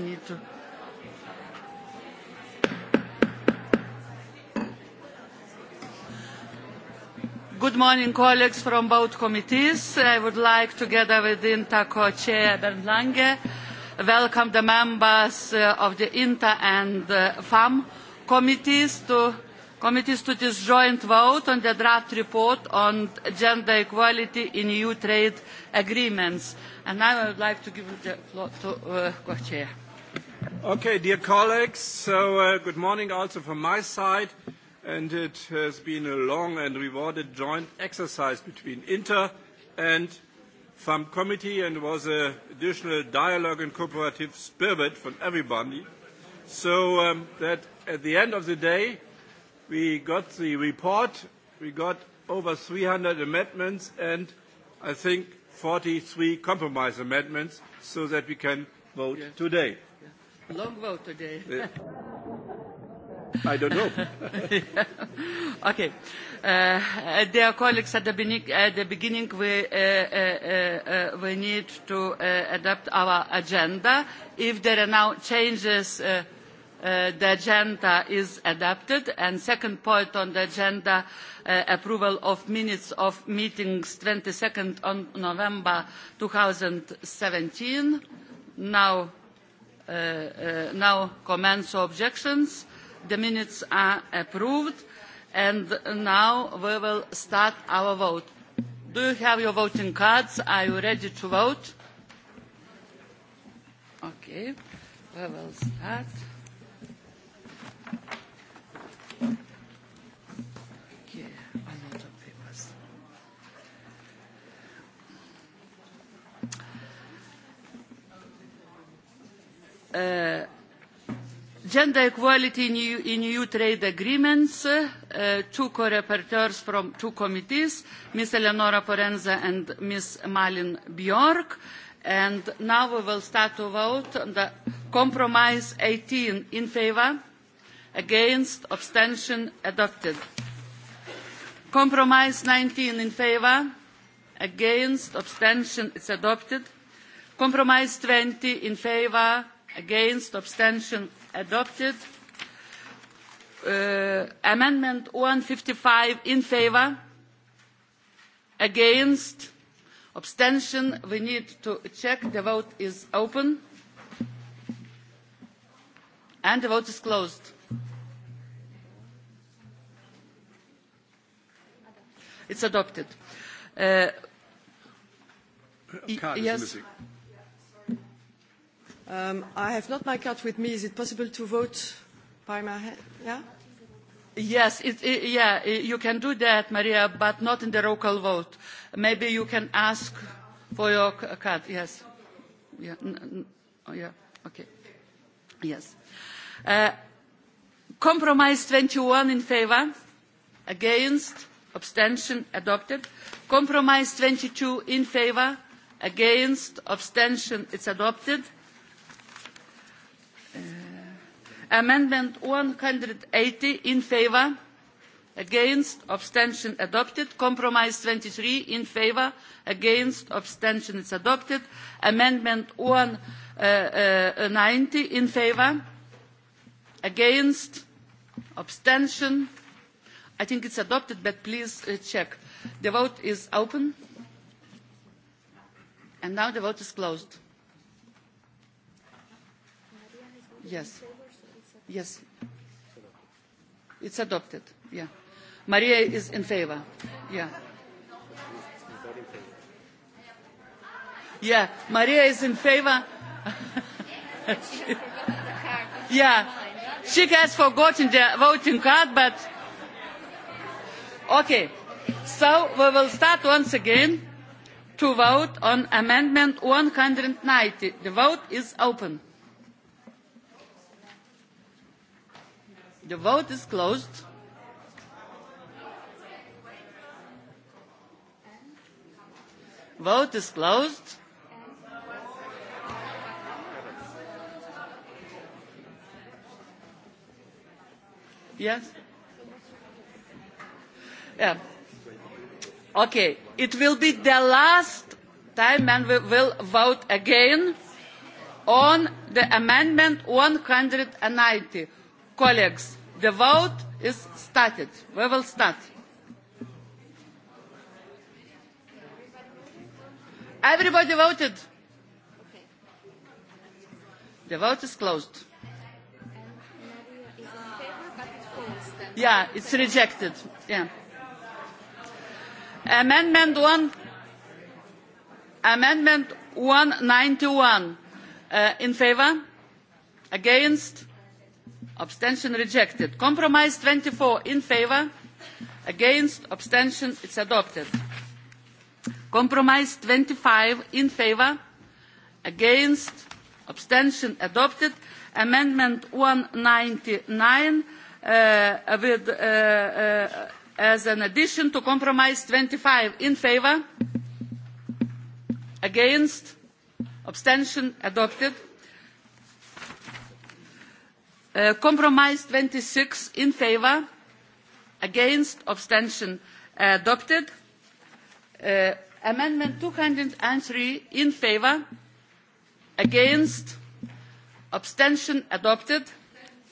minuto. Good morning, colleagues from both committees. I would like, together with INTA co-chair Bernd Lange, welcome the members uh, of the INTA and uh, FAM committees to committees to this joint vote on the draft report on gender equality in EU trade agreements. And now I would like to give the floor to uh, co-chair. Okay, dear colleagues, so uh, good morning also from my side. And it has been a long and rewarded joint exercise between Inter and FAM Committee and was an additional dialogue and cooperative spirit from everybody. So um, that at the end of the day, we got the report, we got over 300 amendments and I think 43 compromise amendments so that we can vote yes. today. Yes. Long vote today. I don't know. okay. Uh, uh, dear colleagues, at the, beginning, at uh, the beginning we, uh, uh, uh, uh, we need to uh, adapt our agenda. If there are now changes, uh, uh, the agenda is adapted. And second point on the agenda, uh, approval of minutes of meetings 22nd on November 2017. Now Uh, uh, now comments or objections. The minutes are approved. And now we will start our vote. Do you have your voting cards? Are you ready to vote? Okay, we will start. Uh, gender equality in EU, in EU trade agreements, uh, two co-rapporteurs from two committees, Ms. Eleonora Forenza and Ms. Malin Bjork. And now we will start to vote on the compromise 18 in favor, against, abstention, adopted. Compromise 19 in favor, against, abstention, it's adopted. Compromise 20 in favor, against abstention adopted uh, amendment 155 in favor against abstention we need to check the vote is open and the vote is closed it's adopted uh, yes missing. Um, I have not my card with me. Is it possible to vote by my hand? Yeah? Yes, it, it, yeah, you can do that, Maria, but not in the local vote. Maybe you can ask for your card. Yes. Yeah. N oh, yeah. Okay. Yes. Uh, compromise 21 in favor, against, abstention adopted. Compromise 22 in favor, against, abstention it's adopted amendment one hundred and eighty in favour against abstention adopted compromise twenty three in favour against abstention is adopted amendment one uh, uh, ninety in favour against abstention i think it's adopted but please uh, check the vote is open and now the vote is closed yes Yes. It's adopted. Yeah. Maria is in favor. Yeah. Yeah, Maria is in favor. yeah, she has forgotten the voting card, but okay. So we will start once again to vote on amendment 190. The vote is open. The vote is closed. Vote is closed. Yes. Yeah. Okay. It will be the last time and we will vote again on the amendment 190. Colleagues, The vote is started. We will start. Everybody voted. The vote is closed. Yeah, it's rejected. Yeah. Amendment 1. Amendment 191. Uh, in favor? Against? abstention rejected compromise 24 in favour, against abstention it's adopted compromise 25 in favour, against abstention adopted amendment 199 uh, with, uh, uh, as an addition to compromise 25 in favour, against abstention adopted Uh, compromise twenty six in favour against abstention adopted uh, amendment two hundred and three in favour against abstention adopted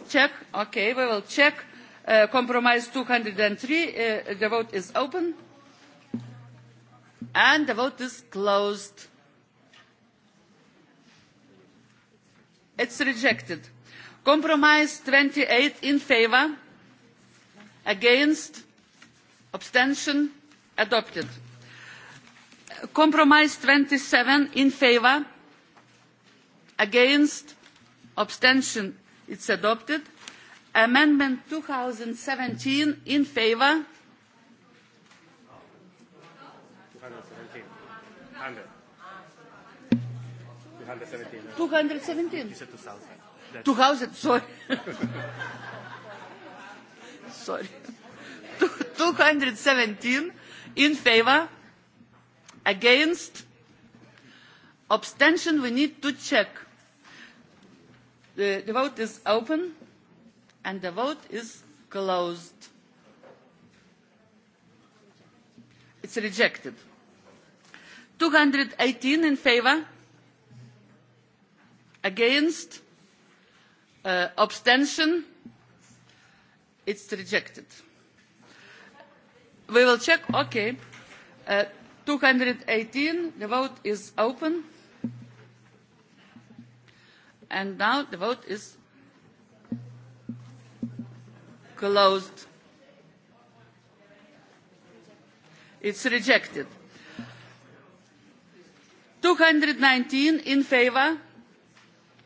check ok we will check uh, compromise two hundred and three the vote is open and the vote is closed it is rejected compromise twenty eight in favour against abstention adopted compromise twenty seven in favour against abstention it's adopted amendment two thousand and seventeen in favour two hundred and seventeen 2000, sorry. sorry. 217 in favor, against, abstention, we need to check. The, the vote is open and the vote is closed. It's rejected. 218 in favor, against, Uh, abstention? It's rejected. We will check. Okay. and uh, 218. The vote is open. And now the vote is closed. It's rejected. 219 in favour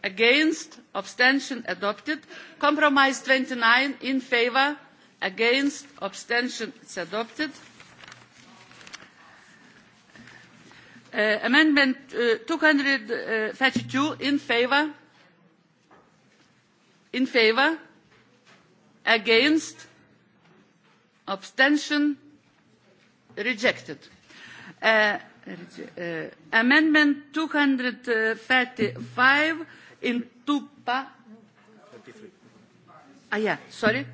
against abstention adopted compromise 29 in favour, against abstention uh, amendment adopted uh, hundred amendment thirty two in favour, in favour, against abstention rejected uh, hundred and amendment 235 in Tupa. 33. Ah, yeah, sorry.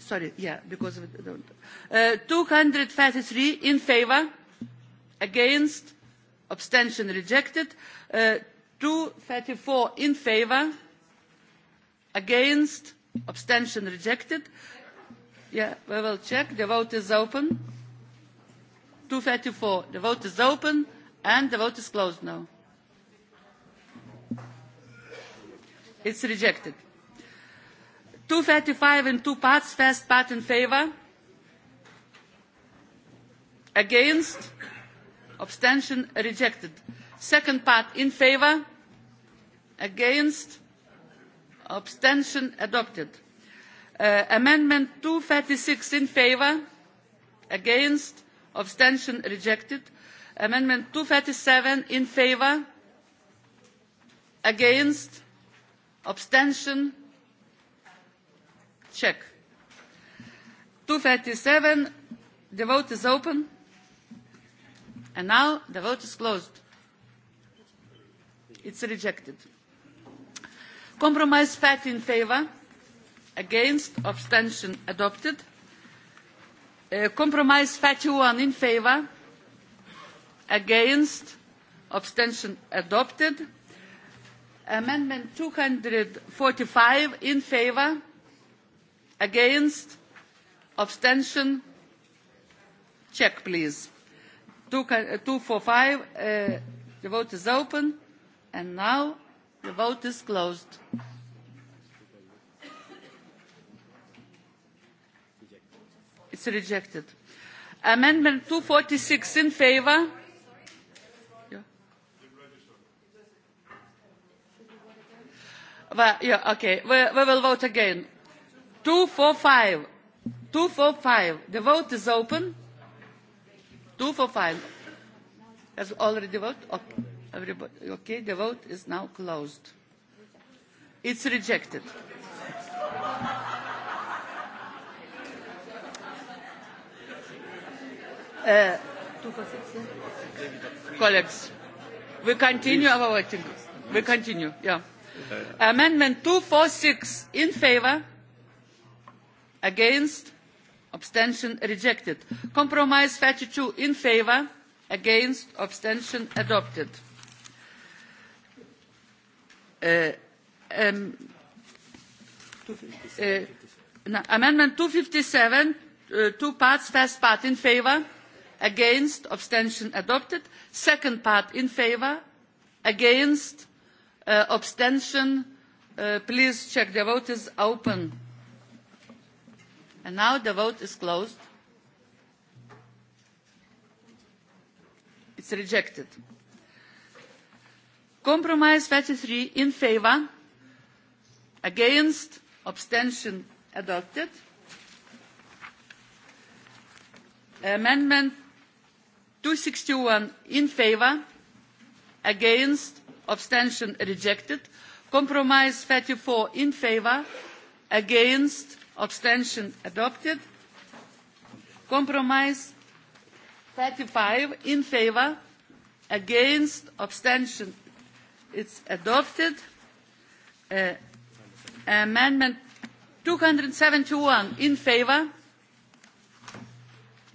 Sorry, yeah, because of the, uh, 233 in favor, against, abstention rejected. Uh, 234 in favor, against, abstention rejected. Yeah, we will check. The vote is open. 234. The vote is open and the vote is closed now. It's rejected. 235 in two parts, first part in favor. Against? Abstention rejected. Second part in favor. Against? Abstention adopted. Uh, amendment 236 in favor. Against? Abstention rejected. Amendment 237 in favor. Against? abstention check 237 the vote is open and now the vote is closed it's rejected compromise fat in favour against abstention adopted uh, compromise fatty one in favour against abstention adopted Amendment 245 in favor, against, abstention, check please. 245, five uh, the vote is open and now the vote is closed. It's rejected. Amendment 246 in favor, Well, yeah, okay. We, we will vote again. Two, Two, four, five. four, five. The vote is open. Two, four, five. Has already voted? Okay. Everybody, okay, the vote is now closed. It's rejected. Uh, colleagues, we continue our voting. We continue, yeah. Uh, amendment 246 in favor, against, abstention rejected. Compromise two in favor, against, abstention adopted. Uh, um, hundred uh, and amendment 257, uh, two parts, first part in favor, against, abstention adopted. Second part in favor, against, Uh, abstention. Uh, please check. The vote is open. And now the vote is closed. It's rejected. Compromise 33 in favor, against, abstention adopted. Amendment 261 in favor, against, abstention rejected compromise thirty four in favour against abstention adopted compromise thirty five in favour against abstention it's adopted uh, amendment two hundred and seventy one in favour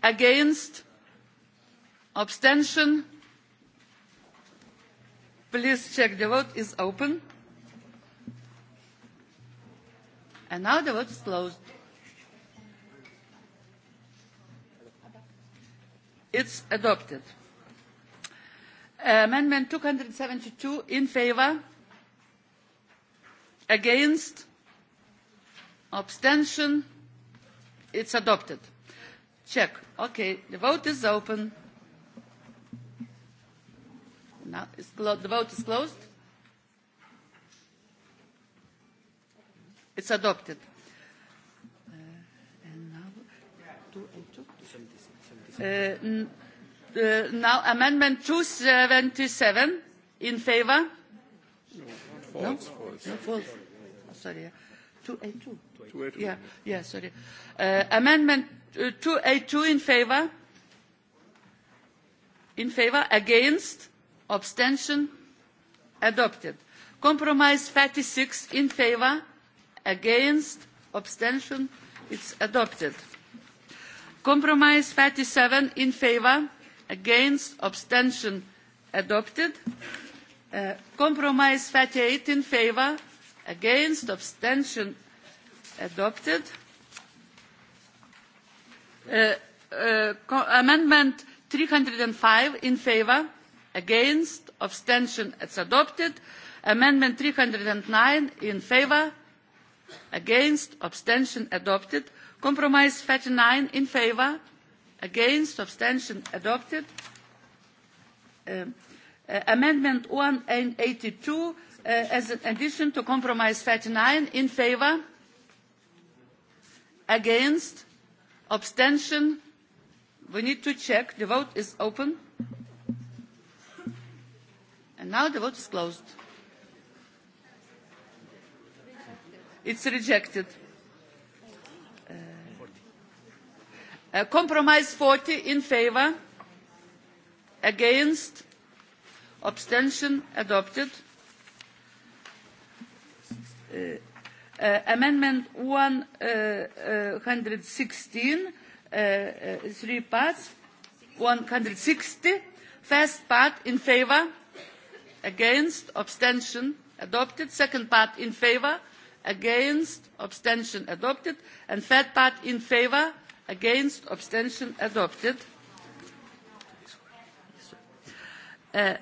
against abstention Please check. The vote is open. And now the vote is closed. It's adopted. Amendment 272 in favor, against, abstention. It's adopted. Check. Okay, the vote is open. Now is the vote is closed. It's adopted. Uh, now, uh, uh, now amendment 277 in favor. No, false, no? false. No, false. Oh, sorry. 282. 282. Yeah, yeah, sorry. Uh, amendment uh, 282 in favor. In favor, against abstention adopted compromise fifty six in favour against abstention is adopted compromise fifty seven in favour against abstention adopted uh, compromise fifty eight in favour against abstention adopted uh, uh, amendment three hundred and five in favour against abstention it's adopted amendment 309 in favour, against abstention adopted compromise 39 in favour, against abstention adopted uh, uh, amendment 182 uh, as an addition to compromise 39 in favour, against abstention we need to check the vote is open And now the vote is closed. It's rejected. Uh, uh, compromise 40 in favor, against, abstention adopted. Uh, uh, amendment 116, uh uh, uh, uh, three parts, 160, first part in favor, against abstention adopted second part in favour against abstention adopted and third part in favour against abstention adopted uh,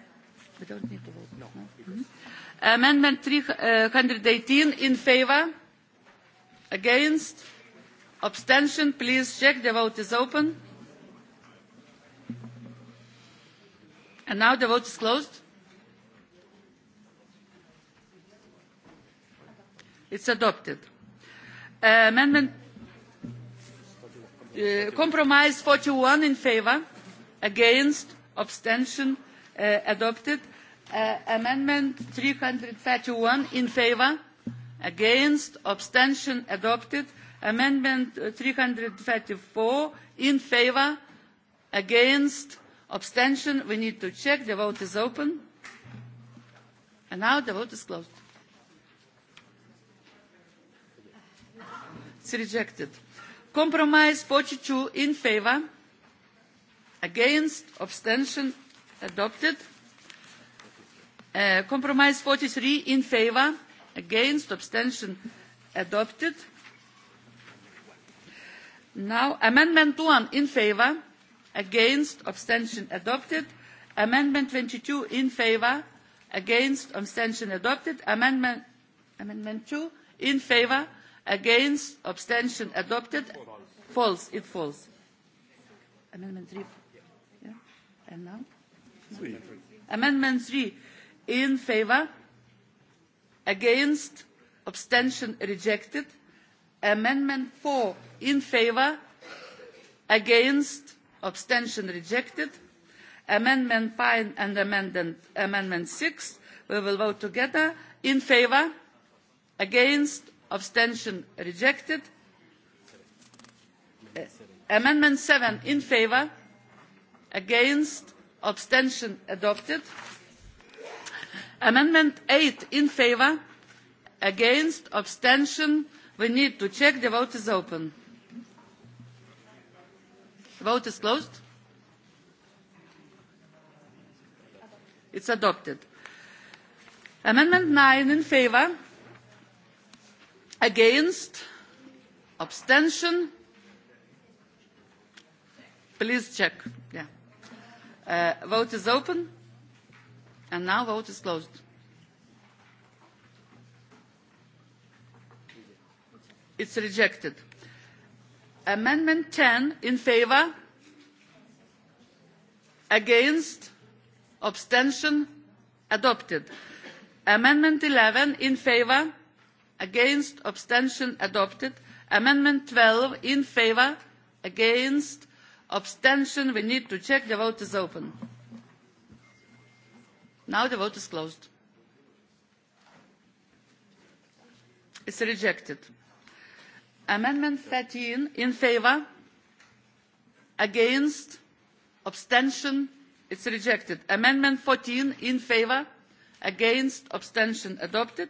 no. hmm? amendment 318 in favour against abstention please check the vote is open and now the vote is closed is adopted. Uh, amendment uh, compromise forty one in favour uh, against, abstention, adopted. amendment three hundred and thirty one in favour against, abstention, adopted. Amendment three hundred and thirty four in favour against, abstention. We need to check. The vote is open. And now the vote is closed. It's rejected. Compromise forty two in favour. Against. Abstention. Adopted. Uh, compromise forty three in favour. Against. Abstention. Adopted. Now, amendment one in favour. Against. Abstention. Adopted. Amendment twenty two in favour. Against. Abstention. Adopted. Amendment, two in favour against abstention adopted false it falls amendment 3 yeah. and now three. amendment 3 in favor against abstention rejected amendment 4 in favor against abstention rejected amendment 5 and amendment, amendment 6 we will vote together in favor against abstention rejected uh, amendment seven in favour against abstention adopted amendment eight in favour against abstention we need to check the vote is open the vote is closed it's adopted amendment nine in favour against abstention please check yeah uh, vote is open and now vote is closed it's rejected amendment 10 in favor against abstention adopted amendment 11 in favor against abstention adopted amendment twelve in favour against abstention we need to check the vote is open now the vote is closed it's rejected amendment thirteen in favour against abstention it's rejected amendment fourteen in favour against abstention adopted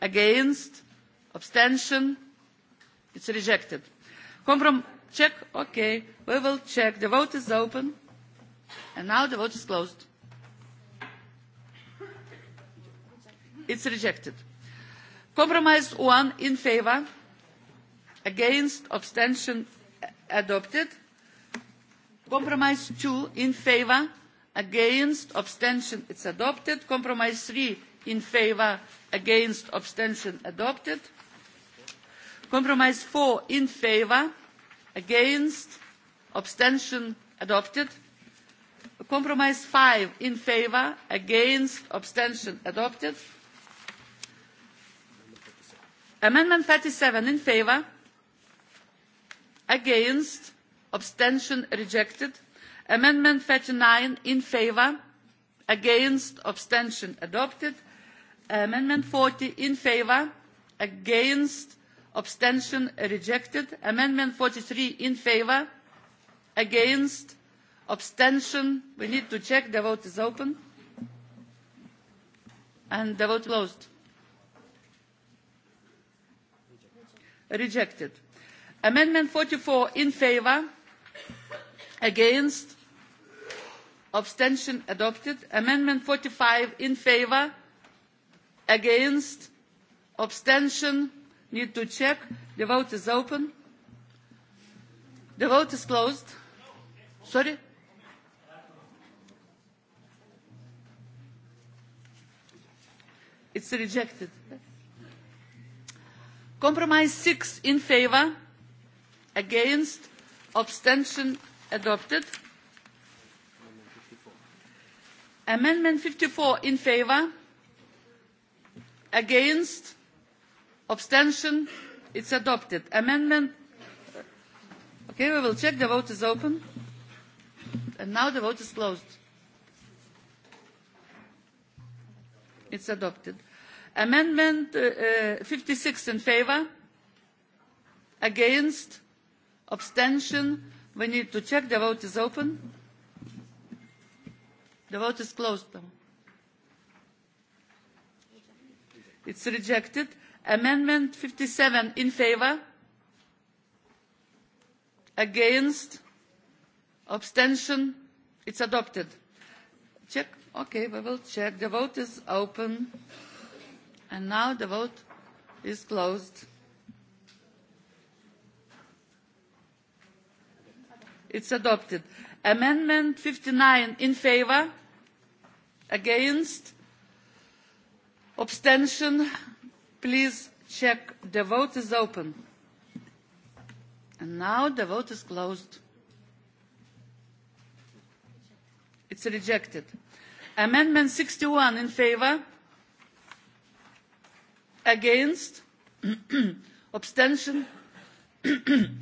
against abstention it's rejected comprom check okay we will check the vote is open and now the vote is closed it's rejected compromise one in favour against abstention adopted compromise two in favour against abstention it's adopted compromise three in favour against abstention adopted compromise four in favour against abstention adopted compromise five in favour against abstention adopted amendment thirty seven in favour against abstention rejected amendment thirty nine in favour against abstention adopted amendment forty in favour against abstention rejected amendment forty three in favour against abstention we need to check the vote is open and the vote closed rejected amendment forty four in favour against abstention adopted amendment forty five in favour against abstention need to check the vote is open the vote is closed sorry it's rejected compromise six in favour against abstention adopted amendment fifty four in favour against abstention it's adopted amendment okay we will check the vote is open and now the vote is closed it's adopted amendment uh, 56 uh, in favour. against abstention we need to check the vote is open the vote is closed It's rejected. Amendment 57 in favor. Against. Abstention. It's adopted. Check. Okay, we will check. The vote is open. And now the vote is closed. It's adopted. Amendment 59 in favor. Against abstention please check the vote is open and now the vote is closed it's rejected amendment 61 in favor against abstention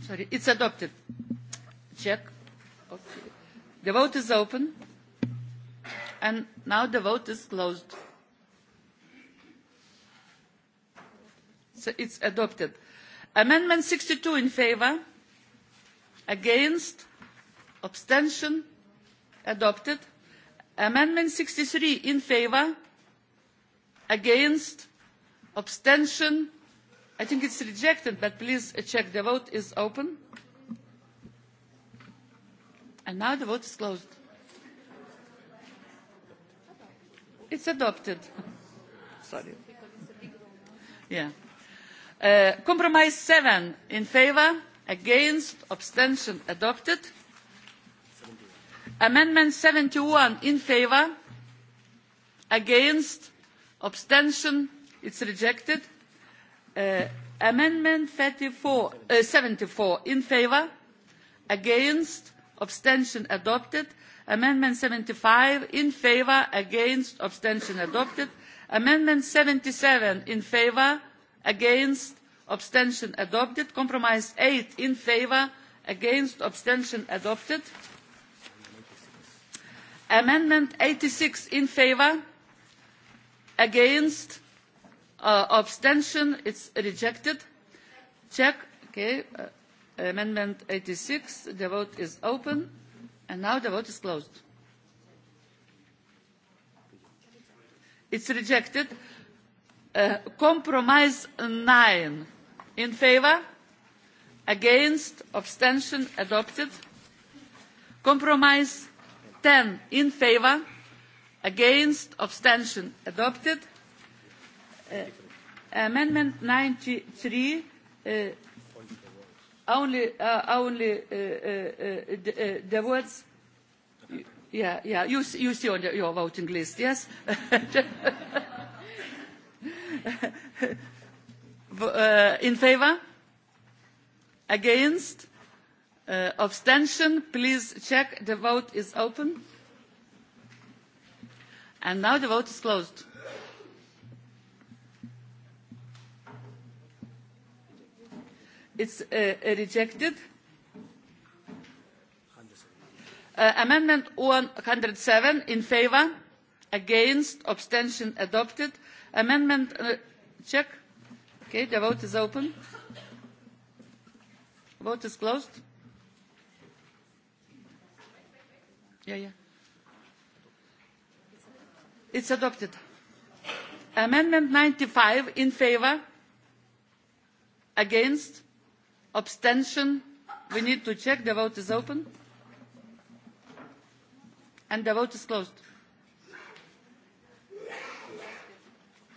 sorry it's adopted check okay. the vote is open and now the vote is closed So it's adopted. Amendment 62 in favour, against, abstention, adopted. Amendment 63 in favour, against, abstention, I think it's rejected, but please check the vote is open. And now the vote is closed. It's adopted. Sorry. Yeah. Uh, compromise seven in favour against abstention adopted amendment seventy one in favour against abstention it is rejected uh, amendment uh, seventy four in favour against abstention adopted amendment seventy five in favour against abstention adopted amendment seventy seven in favour against abstention adopted compromise eight in favour against abstention adopted amendment eighty six in favour against uh, abstention it's rejected check okay uh, amendment eighty six the vote is open and now the vote is closed it's rejected Uh, compromise nine in favour against abstention adopted compromise ten in favour against abstention adopted uh, amendment ninety three uh, only uh, only the, the words yeah yeah you, you see on the, your voting list yes uh, in favor? Against? Uh, abstention? Please check. The vote is open. And now the vote is closed. It's uh, rejected. Uh, amendment 107 in favor, against abstention adopted Amendment, uh, check. Okay, the vote is open. Vote is closed. Yeah, yeah. It's adopted. Amendment 95 in favor, against, abstention. We need to check. The vote is open. And the vote is closed.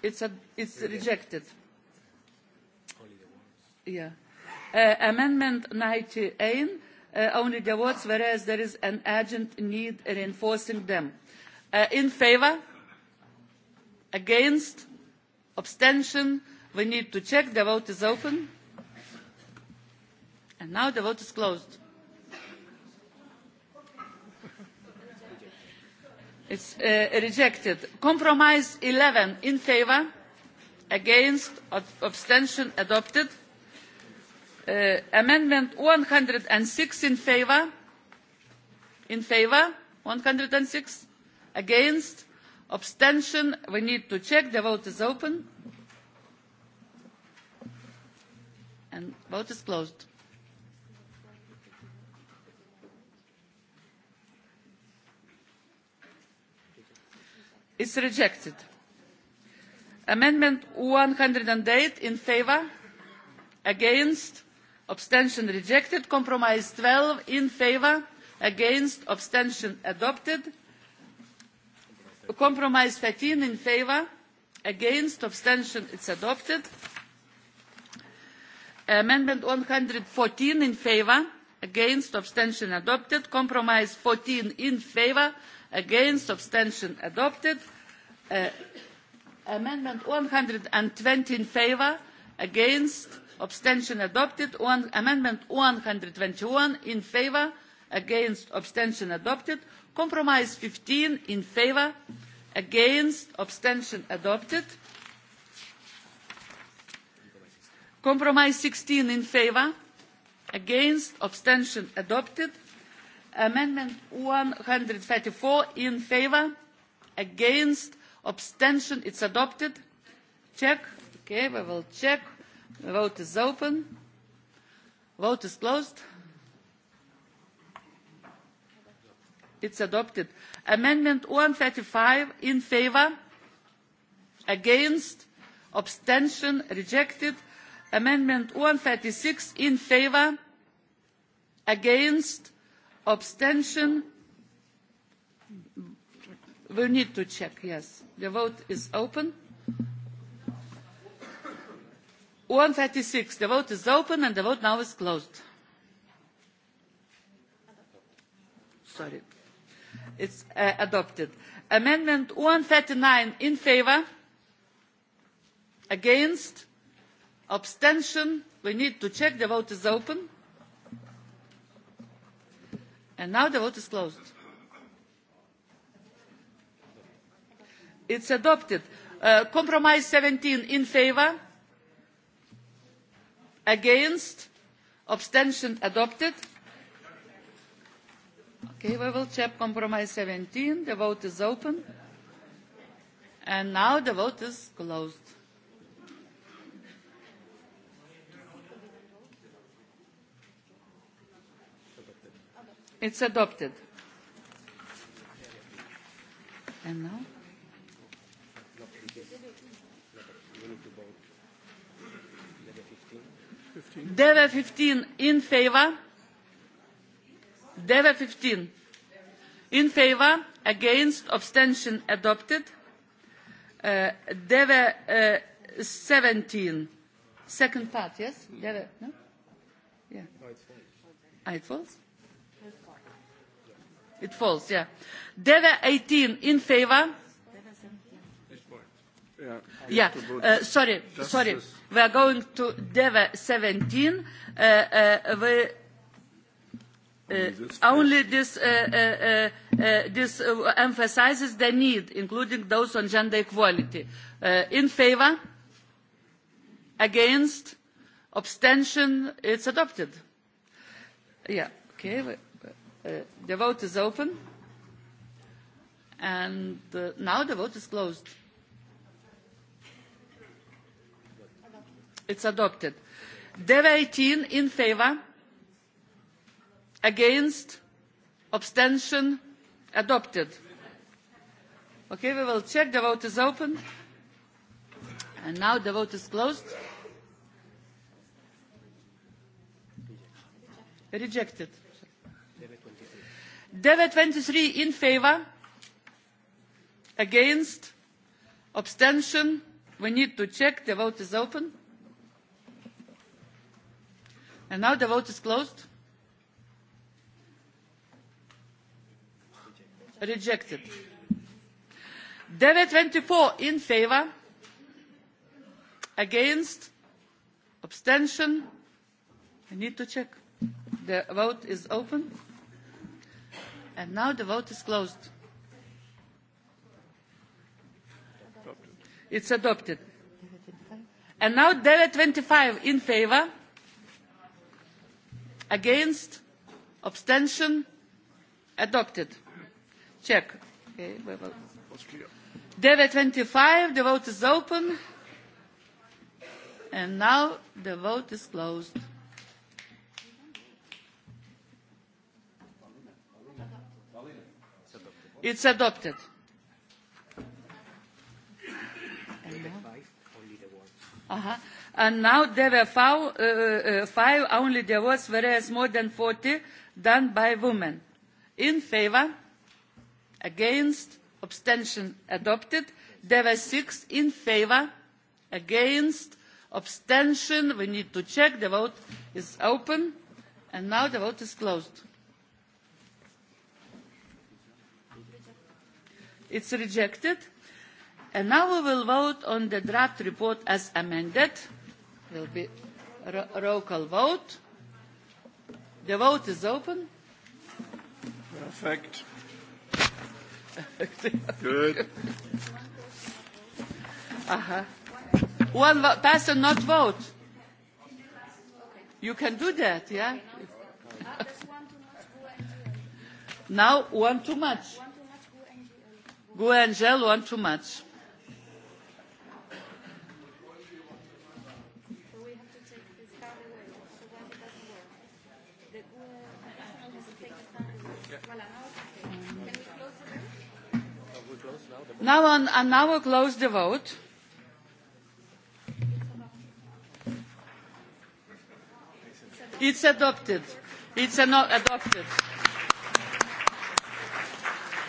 It's, rejected. Yeah. Uh, amendment 98, uh, only the words, whereas there is an urgent need in enforcing them. Uh, in favour, Against? Abstention? We need to check. The vote is open. And now the vote is closed. it's uh, rejected compromise eleven in favour against abstention adopted uh, amendment one hundred and six in favour in favour one hundred and six against abstention we need to check the vote is open and vote is closed is rejected. Amendment 108 in favour, against, abstention rejected. Compromise 12 in favour, against, abstention adopted. Compromise 13 in favour, against, abstention it's adopted. Amendment 114 in favour, against, abstention adopted. Compromise 14 in favour, against, abstention adopted Uh, hundred amendment 120 in favour, against, abstention adopted. One, amendment 121 in favour, against, abstention adopted. Compromise 15 in favour, against, abstention adopted. Compromise 16 in favour, against, abstention adopted. Amendment 134 in favour, against, abstention it's adopted check okay we will check the vote is open vote is closed it's adopted amendment one hundred and thirty five in favour against abstention rejected amendment one hundred and thirty six in favour against abstention we need to check, yes. The vote is open. 136. The vote is open and the vote now is closed. Sorry. It's uh, adopted. Amendment 139 in favor. Against. Abstention. We need to check. The vote is open. And now the vote is closed It's adopted. Uh, compromise 17 in favour, Against. Abstention adopted. Okay, we will check compromise 17. The vote is open. And now the vote is closed. It's adopted. And now? Deve 15 in favor. Deve 15 in favor, against, abstention adopted. Uh, Deve uh, 17, second part, yes? Deve, no? Yeah. No, it falls. Ah, it falls? It falls, yeah. Deve 18 in favor Yeah, Uh, sorry, sorry. We are going to DEVA 17. Uh, uh, we, uh, only this, uh, uh, uh, uh, this uh, emphasizes the need, including those on gender equality. Uh, in favor? Against? Abstention? It's adopted. Yeah, okay. uh, the vote is open. And uh, now the vote is closed. It's adopted. Dev eighteen in favour Against. Abstention. Adopted. Okay, we will check. The vote is open. And now the vote is closed. Rejected. twenty three in favour Against. Abstention. We need to check. The vote is open. And now the vote is closed. Rejected. 924 in favor, against, abstention. I need to check. The vote is open. And now the vote is closed. It's adopted. And now 925 in favor, against abstention adopted check okay we will twenty five, the vote is open and now the vote is closed it's adopted uh -huh and now there were five, uh, uh, uh five only divorces, whereas more than 40 done by women. In favour, against, abstention adopted. There were six in favour, against, abstention. We need to check. The vote is open. And now the vote is closed. It's rejected. And now we will vote on the draft report as amended will be ro roll call vote. The vote is open. Perfect. Good. Uh-huh. One person not vote. You can do that, yeah? now one too much. Go Angel, one too much. Now on, and now we'll close the vote. It's adopted. It's an, adopted.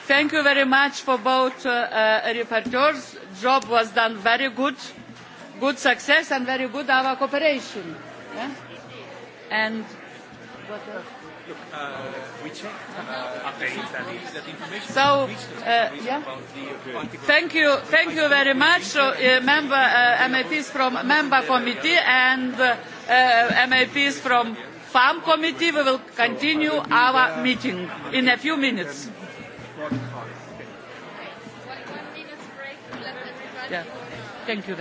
Thank you very much for both uh, uh, reporters. Job was done very good, good success and very good our cooperation. Yeah? And what else? uh, we checked uh, uh that, that information so, uh, yeah. Uh, thank you, thank you very much, uh, member uh, MAPs from member committee and uh, MAPs from farm committee. We will continue our meeting in a few minutes. Yeah. Thank you. Very